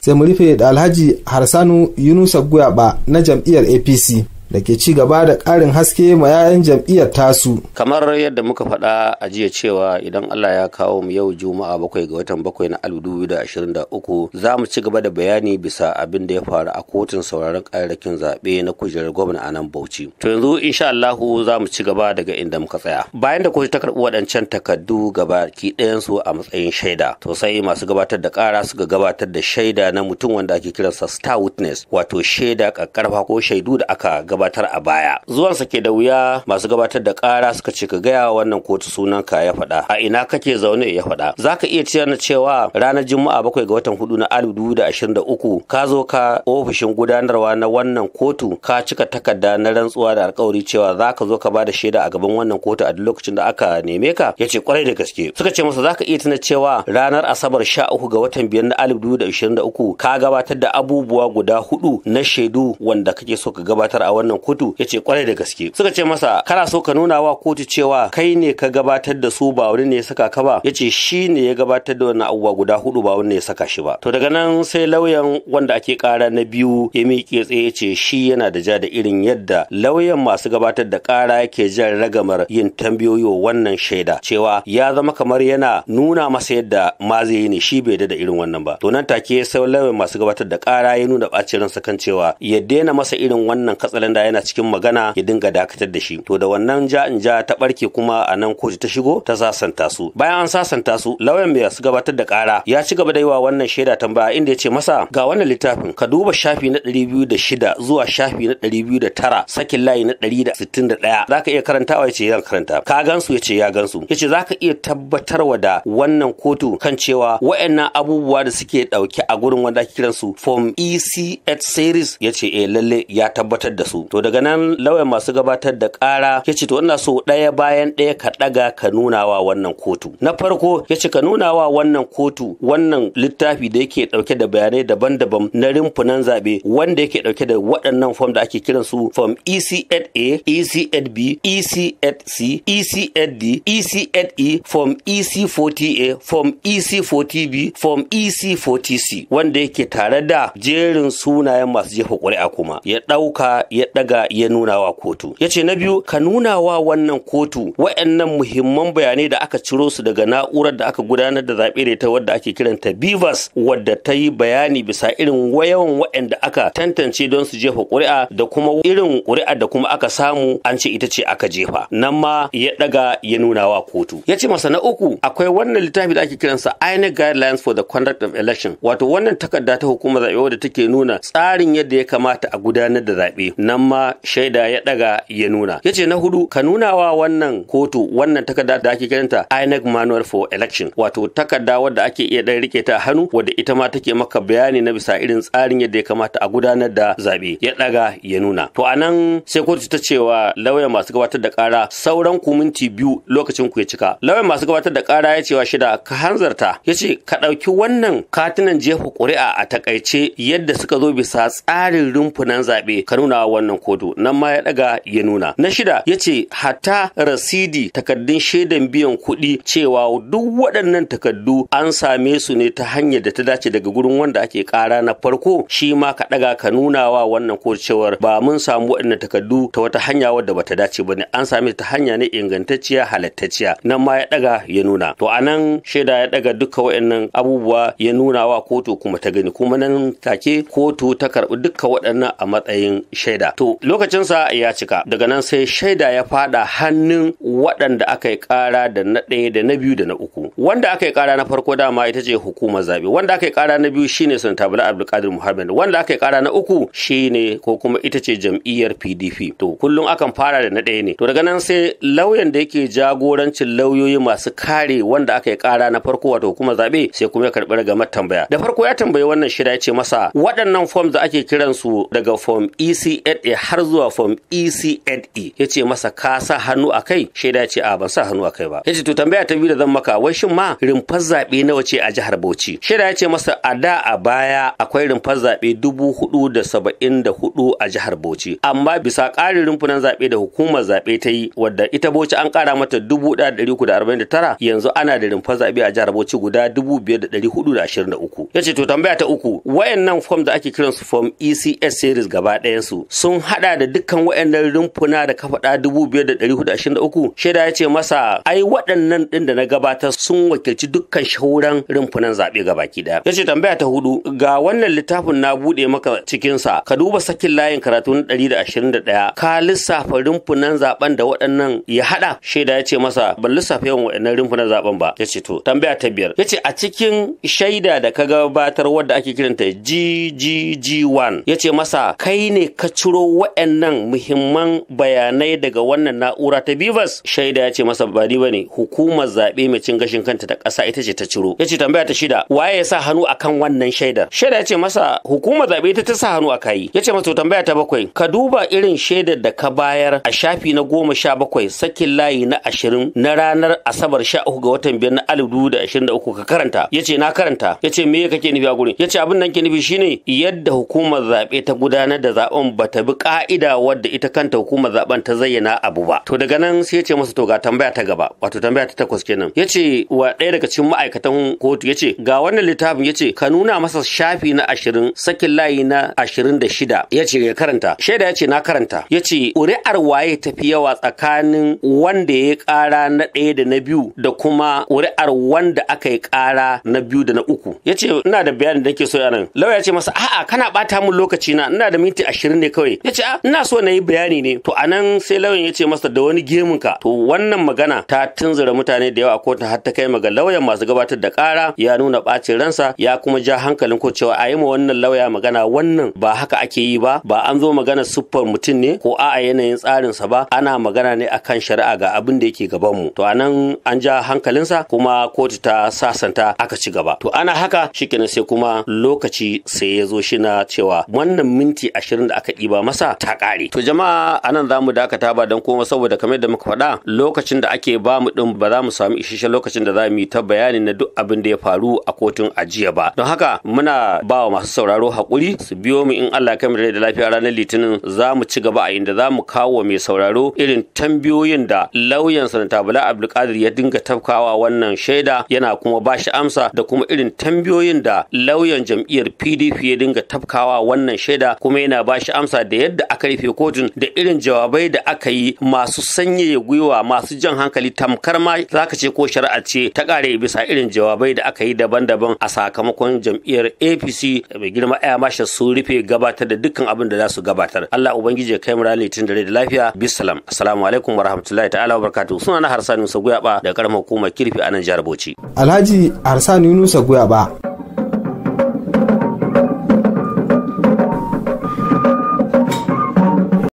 sai mu rufe da alhaji harsanu yunusa guyaba na jam'iyyar apc da ke ci gaba da ƙarin haske ma 'ya'yan jam'iyyar tasu. Kamar yadda muka faɗa a jiya cewa idan Allah ya kawo mu yau Juma'a bakwai ga watan bakwai na alu dubu da ashirin da uku za mu ci gaba da bayani bisa abin da ya faru a kotun sauraron ƙararrakin zaɓe na kujerar gwamna a nan Bauchi. To yanzu insha Allahu za mu ci gaba daga inda muka tsaya. Bayan da kotu ta karɓi waɗancan takardu gaba ki ɗayansu a matsayin shaida. To sai masu gabatar da ƙara suka gabatar da shaida na mutum wanda ake kiransa star witness wato shaida ƙarƙarfa ko shaidu da aka gabatar a baya sa ke da wuya masu gabatar da kara suka ce ka gaya wannan kotu sunan ka ya faɗa a ina kake zaune ya faɗa zaka iya cewa na cewa ranar juma'a bakwai ga watan hudu na alif dubu da ashirin da uku ka zo ka ofishin gudanarwa na wannan kotu ka cika takarda na rantsuwa da alkawari cewa zaka zo ka bada shaida a gaban wannan kotu a duk lokacin da aka neme ka ya ce kwarai da gaske suka ce masa zaka iya tuna cewa ranar asabar sha uku ga watan biyar na alif dubu da ashirin da uku ka gabatar da abubuwa guda hudu na shaidu wanda kake so ka gabatar a wannan wannan kotu ya ce kwarai da gaske suka ce masa kana so ka nuna wa kotu cewa kai ne ka gabatar da su ba wani ne ya saka ka ba ya ce shi ne ya gabatar da wannan abubuwa guda hudu ba wani ne ya saka shi ba to daga nan sai lauyan wanda ake kara na biyu ya miƙe tsaye ya ce shi yana da ja da irin yadda lauyan masu gabatar da kara yake jan ragamar yin tambayoyi wa wannan shaida cewa ya zama kamar yana nuna masa yadda ma zai yi ne shi bai da irin wannan ba to nan take sai lauyan masu gabatar da kara ya nuna bacin ransa kan cewa ya daina masa irin wannan katsalan sanda yana cikin magana ya dinga dakatar da shi to da wannan ja in ja ta barke kuma a nan kotu ta shigo ta sasanta su bayan an sasanta su lauyan mai su gabatar da kara ya ci gaba da yi wa wannan shaida tambaya inda ya ce masa ga wannan littafin ka duba shafi na 206 zuwa shafi na 209 sakin layi na 161 zaka iya karantawa ya ce zan karanta ka gansu yace ce ya gansu ya ce zaka iya tabbatarwa da wannan kotu kan cewa wa'annan abubuwa da suke dauke a gurin wanda ake kiransu form ECH series ya ce eh lalle ya tabbatar da su to daga nan lauyan masu gabatar da ƙara ya to ina so ɗaya bayan ɗaya ka ɗaga ka nuna wa wannan kotu na farko ya ka nuna wa wannan kotu wannan littafi da yake ɗauke da bayanai daban-daban na rimfunan zaɓe wanda yake ɗauke da waɗannan fom da ake kiran su fom ECHA, ECHB, ECHC, ECHD, ECHE, fom EC40A, fom EC40B, fom EC40C wanda yake tare da jerin sunayen masu jefa ƙuri'a kuma ya ɗauka ya daga ya nuna wa kotu ya ce na biyu ka nuna wa wannan kotu wa'annan muhimman bayanai da aka ciro su daga na'urar da aka gudanar da zaɓe da ta wadda ake kiranta bivas wadda ta yi bayani bisa irin yawan wa'anda aka tantance don su jefa ƙuri'a da kuma irin ƙuri'a da kuma aka samu an ce ita ce aka jefa nan ma ya daga ya nuna wa kotu ya ce masa na uku akwai wannan littafi da ake kiransa INEC guidelines for the conduct of election wato wannan takarda ta hukumar zaɓe wadda take nuna tsarin yadda ya kamata a gudanar da zaɓe nan ma shaida ya daga ya nuna yace na hudu ka nuna wa wannan kotu wannan takarda da ake kiranta INEC manual for election wato takarda wadda ake iya dan rike ta hannu wadda ita ma take maka bayani na bisa irin tsarin yadda ya kamata a gudanar da zabe ya daga ya nuna to anan sai kotu ta cewa lauya masu gabatar da kara sauran ku minti biyu lokacin ku ya cika lauya masu gabatar da kara ya cewa shida ka hanzarta yace ka dauki wannan katinan jefa kuri'a a takaice yadda suka zo bisa tsarin rumfunan zabe ka nuna wannan wannan kodo nan ma ya daga ya nuna na shida ya ce hatta rasidi takardun shaidan biyan kuɗi cewa duk waɗannan takardu an same su ne ta hanyar da ta dace daga gurin wanda ake kara na farko shi ma ka daga ka nuna wa wannan ko cewar ba mun samu waɗannan takardu ta wata hanya wadda bata dace ba ne an same ta hanya ne ingantacciya halattacciya nan ma ya daga ya nuna to anan shaida ya daga duka waɗannan abubuwa ya nuna wa kotu kuma ta gani kuma nan take kotu ta karbi duka waɗannan a matsayin shaida to lokacinsa ya cika daga nan sai shaida ya fada hannun waɗanda aka yi ƙara da na ɗaya da na biyu da na uku wanda aka yi ƙara na farko dama ita ce hukumar zaɓe wanda aka yi ƙara na biyu shine sanata bala abdulkadir muhammad wanda aka yi ƙara na uku shine ko kuma ita ce jam'iyyar pdp to kullum akan fara da na ɗaya ne to daga nan sai lauyan da yake jagorancin lauyoyi masu kare wanda aka yi ƙara na farko wato hukumar zaɓe sai kuma ya karɓi ragamar tambaya da farko ya tambayi wannan shida ya ce masa waɗannan forms da ake kiransu daga form ec ɗaya e, har zuwa form ECNE yace masa ka sa hannu a kai shaida ce a ban sa hannu a kai ba ya ce to tambaya ta biyu da zan maka wai shin ma rumfar zabe nawa ce a jihar Bauchi shaida ya masa a da a baya akwai rumfar zabe dubu hudu da a jihar Bauchi amma bisa ƙarin rumfunan zabe da hukumar zabe ta yi wadda ita Bauchi an ƙara mata dubu yanzu ana da rumfar zabe a jihar Bauchi guda dubu biyar da to tambaya ta uku wayannan form da ake kiransu form ECS series gaba ɗayansu sun sun hada da dukkan waɗannan rumfuna da ka faɗa uku. shaida ya ce masa ai waɗannan ɗin da na gabatar sun wakilci dukkan shahuran rumfunan zaɓe gabaki ɗaya ya ce tambaya ta hudu ga wannan littafin na buɗe maka cikinsa ka duba sakin layin karatu na 121 ka lissafa rumfunan zaɓen da waɗannan ya hada shaida ya ce masa ban lissafa yawan waɗannan rumfunan zaɓen ba ya ce to tambaya ta biyar ya ce a cikin shaida da ka gabatar wadda ake kiranta GGG1 ya ce masa kai ne ka ciro wa'annan muhimman bayanai daga wannan na'ura ta Bivas shaida ya ce masa ba ni bane hukumar zaɓe mai cin gashin kanta ta ƙasa ita ce ta ciro ce tambaya ta shida waye ya sa hannu akan wannan shaidar shaida ya ce masa hukumar zaɓe ita ta sa hannu a kai ce masa tambaya ta bakwai ka duba irin shaidar da ka bayar a shafi na goma sha bakwai sakin layi na ashirin na ranar asabar sha uku ga watan biyar na alif dubu da ashirin da uku ka karanta ya ce na karanta ya ce me kake nufi a gurin ce abin nan ke nufi shine yadda hukumar zaɓe ta gudanar da zaɓen ta bi ka'ida wadda ita kanta hukumar zaben ta zayyana abu ba to daga nan sai ya ce masa to ga tambaya ta gaba wato tambaya ta takwas kenan ya ce wa ɗaya daga cikin ma'aikatan kotu ya ce ga wannan littafin ya ce ka nuna masa shafi na ashirin sakin layi na ashirin da shida ya ce ya karanta shaida ya ce na karanta ya ce ƙuri'ar waye tafi yawa tsakanin wanda ya ƙara na ɗaya da na biyu da kuma ƙuri'ar wanda aka yi ƙara na biyu da na uku ya ce ina da bayanin da nake so yaran lauya ce masa a'a kana ɓata min lokaci na ina da minti ashirin ne kawai ya ce ah, ina so na yi bayani ne to anan sai lauyan ya ce masa da wani gemun ka to wannan magana ta tunzura mutane da yawa a kotun har ta kai ga lauyan masu gabatar da kara ya nuna bacin ransa ya kuma ja hankalin ko cewa a yi ma wannan lauya magana wannan ba haka ake yi ba ba an zo magana siffar mutum ne ko a'a yanayin tsarinsa ba ana magana ne akan shari'a ga abin da yake gabanmu to anan an ja hankalinsa kuma kotu ta sasanta aka ci gaba to ana haka shikenan sai kuma lokaci sai ya zo shi na cewa wannan minti ashirin da aka ɗiba masa ƙasa ta ƙare to jama'a anan za mu dakata ba don kuma saboda kamar da muka faɗa lokacin da ake ba mu ɗin ba za mu samu isasshen lokacin da za mu yi ta bayani na duk abin da ya faru a kotun ajiya ba don haka muna ba wa masu sauraro hakuri su biyo mu in Allah ya mu da lafiya ranar litinin za mu ci gaba a inda za mu kawo mai sauraro irin tambiyoyin da lauyan sanata Bala Abdulkadir ya dinga tafkawa wannan shaida yana kuma ba shi amsa da kuma irin tambiyoyin da lauyan jam'iyyar PDP ya dinga tafkawa wannan shaida kuma yana ba shi amsa da yadda aka rufe kotun da irin jawabai da aka yi masu sanyaya gwiwa masu jan hankali tamkar ma ka ce ko shari'a ce ta kare bisa irin jawabai da aka yi daban-daban a sakamakon jam'iyyar APC mai girma aya masha su rufe gabatar da dukkan abin da za su gabatar Allah ubangiji ya kai mu ranar litinin da rai da lafiya bisalam assalamu alaikum warahmatullahi ta'ala barakatu suna na Harsani Musa Guyaba da karamar hukumar Kirfi a nan jihar Bauchi Alhaji Harsani Musa Guyaba